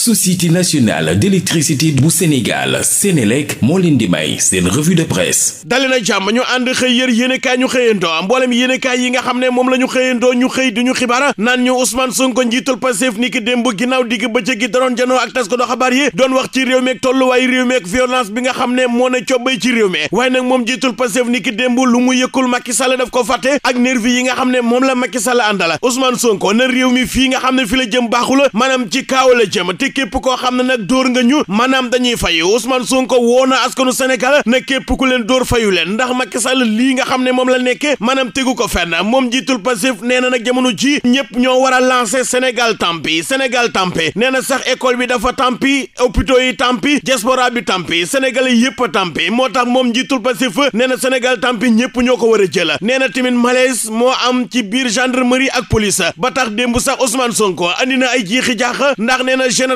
société nationale d'électricité bu Sénégal Sénélec moo leen di may seen revue de presse dali na ñu ànd xëy yër yéenekaay ñu xëyandoo mboolem yéenekaay yi nga xam ne moom la ñu xëyandoo ñu xëy di ñu xibaar naan ñu Ousmane Sonko njiitul Pastef ni ki démb ginnaaw digg bëccëg gi daroon janoo ak tas ko do xabaar yi doon wax ci réew mi ak tolluwaay réew mi ak violence bi nga xam ne moo ne cobbay ci réew mi waaye nag moom njiitul Pastef ni ki démb lu mu ko fàtte ak yi nga xam ne moom la Macky Sall àndala Ousmane Sonko na réew mi fii nga xam ne fi la jëm baaxula maanaam ci kaaw la mooy képp koo xam na nag dóor nga ñu maanaam dañuy fayu Ousmane Sonko woo na askanu Sénégal na képp ku leen dóor fayu leen ndax Macky Sall lii nga xam ne moom la nekke manaam tegu ko fenn moom jiitul Pastef nee na nag jamono ji ñëpp ñoo war a lancer Sénégal tampi Sénégal tampi nee na sax école bi dafa tampi hôpitaux yi tampi diaspora bi tampi Sénégalais yëpp a tampi moo tax moom jiitul Pastef nee na Sénégal tampi ñëpp ñoo ko war a jëla nee na tamit malaise moo am ci biir gendarmerie ak police ba tax démb sax Sonko andi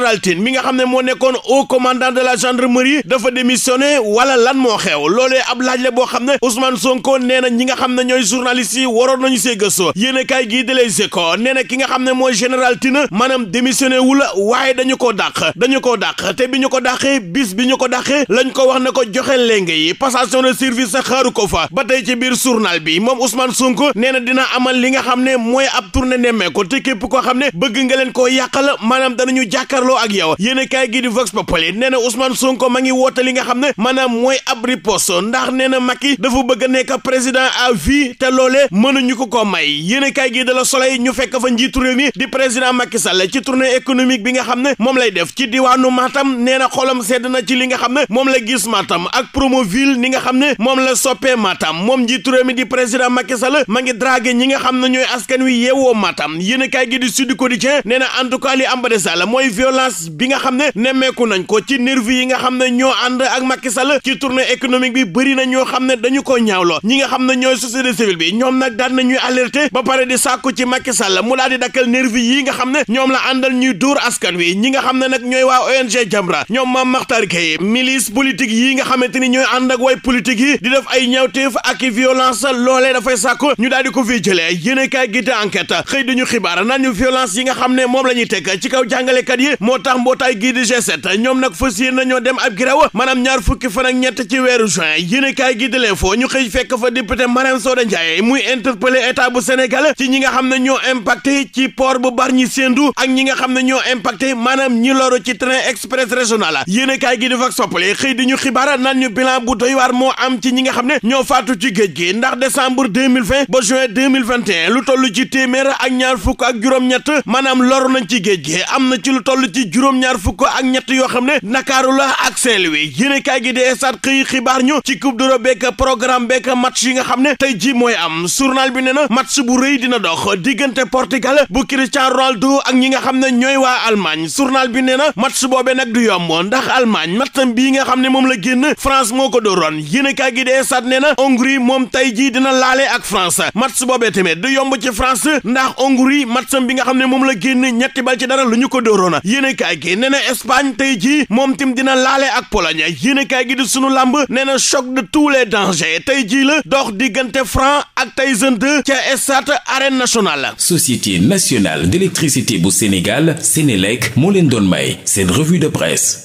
général Tine mi nga xam ne moo nekkoon au commandant de la gendarmerie dafa démissionné wala lan moo xew loolee ab laaj la boo xam ne Ousmane Sonko nee na ñi nga xam ne ñooy journalistes yi waroon nañu see gëstu yéen a kaay gii di Les Échos nee na ki nga xam ne mooy général Tine maanaam démissionné wu la waaye dañu ko dàq dañu ko dàq te bi ñu ko dàqee bis bi ñu ko dàqee lañ ko wax ne ko joxe lenge yi passation de service sa ko fa ba tey ci biir journal bi moom Ousmane Sonko nee na li nga xam ne mooy ab tournée nemmeeku te képp koo xam ne bëgg nga leen jàkkaarloo ak yow yéen kaay gi di Vox Populi nee na Ousmane Sonko ma li nga xam ne maanaam mooy ab riposte ndax nee na Macky dafa bëgg a nekk président à vie te loolee mënuñu ko ko may yéen kaay gi de la Soleil ñu fekk fa njiitu réew mi di président Macky Sall ci tournée économique bi nga xam ne moom lay def ci diwaanu Matam nee na xolam sedd na ci li nga xam ne moom la gis Matam ak Promoville ni nga xam ne moom la soppee Matam moom njiitu mi di président Macky ma ngi dragué ñi nga xam ne ñooy askan wi yeewoo Matam yéen kaay gi di Sud Quotidien nee na en tout cas li image bi nga xam ne nemmeeku nañ ko ci nervi yi nga xam ne ñoo ànd ak Macky Sall ci tournée économique bi bëri na ñoo xam ne dañu ko ñaawloo ñi nga xam ne ñooy société civile bi ñoom nag daan nañuy alerter ba pare di sàkku ci Macky Sall mu daal di dakkal nervi yi nga xam ne ñoom la àndal ñuy dóor askan wi ñi nga xam ne nag ñooy waa ONG Jamra ñoom ma Makhtar Gueye milice politique yi nga xamante ni ñooy ànd ak way politique yi di def ay ñaawteef ak violence loolee dafay sàkku ñu daal di ko fii jëlee yéen a kaay gi di xibaar naan ñu violence yi nga xam ne moom la ñuy tekk ci kaw jàngalekat yi moo tax mbootaay gii di G7 ñoom nag fas yéene nañoo dem ab grève maanaam ñaar fukki fan ak ñett ci weeru juin yéenekaay gi di L'Info ñu xëy fekk fa député Mariam Soda Ndiaye muy interpellé état bu ci ñi nga xam ne ñoo impacté ci port bu Bargny Sendou ak ñi nga xam ne ñoo impacté maanaam ñi loru ci train express régional yéenekaay gi di Vox Populi xëy di ñu xibaar naan ñu bilan bu doy moo am ci ñi nga xam ne ñoo faatu ci géej gi ndax décembre 2020 ba juin 2021 lu toll ci téeméer ak ñaar fukk ak juróom-ñett maanaam loru nañ ci géej gi am ci lu toll ci juróom-ñaar fukk ak ñetti yoo xam ne nakaaru la ak Saint-Louis yéenekaay gi di Stades xëy xibaar ñu ci coupe d'Europe beeg programme beeg match yi nga xam ne tey ji mooy am journal bi ne na match bu rëy dina dox diggante Portugal bu Cristiano Ronaldo ak ñi nga xam ne ñooy waa Allemagne journal bi nee na match boobee nag du yomb ndax Allemagne mattam bii nga xam ne moom la génn France moo ko dóoroon yéenekaay gi di Stades nee na Hongrie moom tey ji dina laale ak France match boobee tamit du yomb ci France ndax Hongrie matcham bi nga xam ne moom la génn ñetti bal ci dara ñu ko dóoroon yéenekaay gi nee na Espagne tey jii moom tim dina laale ak Pologne yéenekaay gi di sunu lamb nee na choc de tous les dangers tey jii la dox diggante Franc ak Tyson 2 ca stade Arène nationale. Société nationale d'électricité bu Sénégal Sénélec moo leen doon may seen revue de presse.